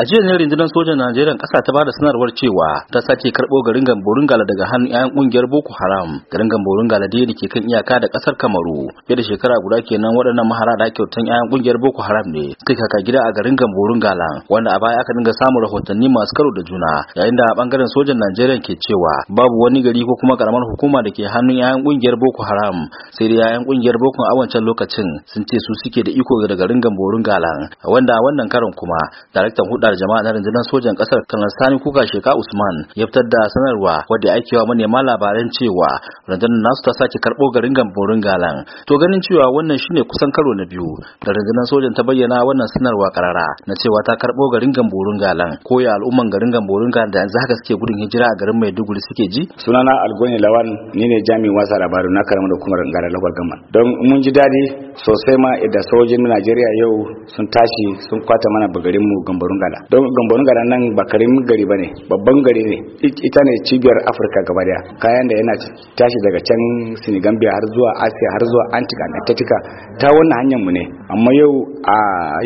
a jiya ne rundunar sojan najeriya kasa ta bada sanarwar cewa ta sake karbo garin gamborungala daga hannun 'ya'yan kungiyar boko haram garin gamborungala da yake kan iyaka da kasar kamaru fiye da shekara guda kenan waɗannan mahara da kyautan yan kungiyar boko haram ne suka kaka gida a garin gamborungala wanda a baya aka dinga samun rahotanni masu karo da juna yayin da bangaren sojan najeriya ke cewa babu wani gari ko kuma karamar hukuma da ke hannun 'ya'yan kungiyar boko haram sai da 'ya'yan kungiyar boko a wancan lokacin sun ce su suke da iko da garin gamborungala wanda wannan karon kuma daraktan da jama'a na rundunar sojan kasar kanar sani kuka sheka usman ya fitar da sanarwa wadda ake wa manema labaran cewa rundunar nasu ta sake karbo garin gamborin galan to ganin cewa wannan shine kusan karo na biyu da rundunar sojan ta bayyana wannan sanarwa karara na cewa ta karbo garin gamborin galan ko ya al'umman garin gamborin galan da yanzu haka suke gudun hijira a garin maiduguri suke ji sunana algoni lawan ni ne jami'in wasa labaru na karamar hukumar gara lagos government don mun ji dadi sosai ma idan sojin najeriya yau sun tashi sun kwata mana bagarin mu gambarun gala don gambon garan nan ba karim gari bane babban gari ne ita ne cibiyar afirka gaba daya kayan da yana tashi daga can sinigambia har zuwa asiya har zuwa antica tatika ta wannan hanyar mu ne amma yau a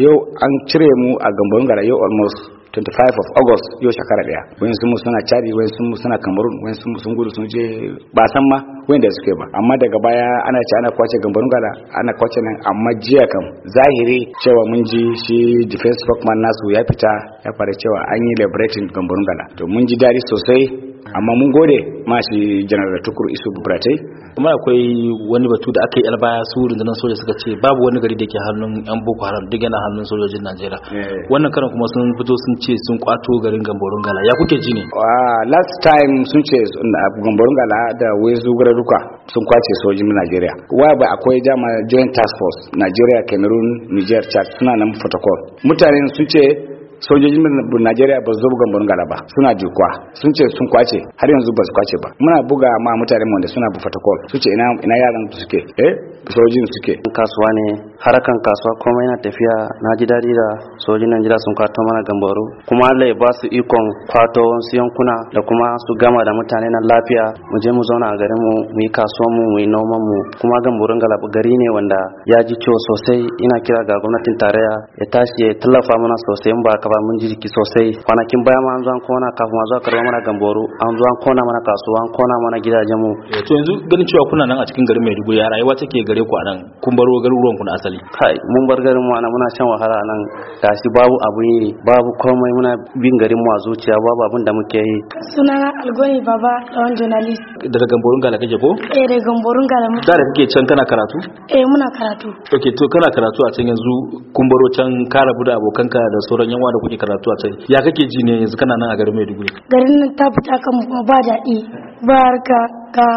yau an cire mu a gambon gara yau almost 25 of august yau shekara daya wayan sun suna chadi wayan sun suna cameroon wayan sun sun gudu sun je ba san ma wayan da suke ba amma daga baya ana ci ana kwace gambarun gala ana kwace nan amma jiya kam zahiri cewa mun ji shi defense spokesman nasu ya fita ya fara cewa an yi liberating gambarun gala to mun ji dadi sosai amma mun gode ma shi janar tukur isu buratai kuma akwai wani batu da aka yi albaya su rundunar soja suka ce babu wani gari da ke hannun yan boko haram duk yana hannun sojojin najeriya eh. wannan karan kuma sun fito sun ce sun kwato garin gamborun gala ya kuke ji ne last time sun ce ah, gamborun gala da wezu duka sun kwace sojojin najeriya wa ba akwai dama joint task force najeriya cameroon niger chad suna nan protocol Mutanen sun ce sojojin Najeriya ba zo bugan Bangala ba suna jukwa sun ce sun kwace har yanzu ba su kwace ba muna buga ma mutane wanda suna bu protocol su ce ina ina yaran suke eh sojojin suke kasuwa ne harakan kasuwa kuma yana tafiya na ji daɗi da sojin najeriya sun kwato mana gambaru kuma allah ya ba su ikon kwato wasu yankuna da kuma su gama da mutane na lafiya mu je mu zauna a garin mu mu yi kasuwa mu mu yi noman mu kuma gambarun galaba gari ne wanda ya ji ciwo sosai ina kira ga gwamnatin tarayya ya tashi ya tallafa mana sosai in ba ka ba mun ji jiki sosai kwanakin baya ma an zo an kona kafin ma zuwa karɓa mana gambaro an zo an kona mana kasuwa an kona mana gidajen mu. to yanzu ganin cewa kuna nan a cikin garin maiduguri ya rayuwa take gare ku a nan kun baro garuruwan ku na asali. hali kai mun bar garin mu muna shan wahala nan gashi babu abun yi babu komai muna bin garin mu a zuciya babu abun da muke yi Suna algoni baba lawan journalist daga gamborun gala kake ko eh daga gamborun gala mu da kake can kana karatu eh muna karatu okay to kana karatu a can yanzu kun baro can ka rabu da abokanka da sauran yan da kuke karatu a can ya kake ji ne yanzu kana nan a garin Maiduguri garin nan ta fita kan ba daɗi barka ka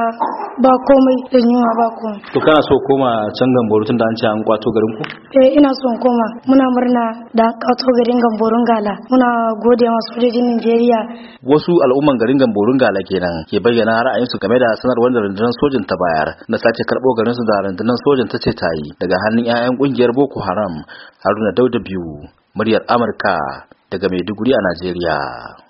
ba komai da yunwa ba komai to kana so koma can gamboro tunda an ce an kwato garin ku eh ina son koma muna murna da kwato garin gamborun gala muna gode ma sojojin Najeriya wasu al'umman garin gamborun gala kenan ke bayyana ra'ayin su game da sanarwar da rundunar sojin ta bayar na sace karbo garin su da rundunar sojin ta ce ta yi daga hannun 'ya'yan ƙungiyar Boko Haram Haruna Dauda biyu muryar Amurka daga Maiduguri a Najeriya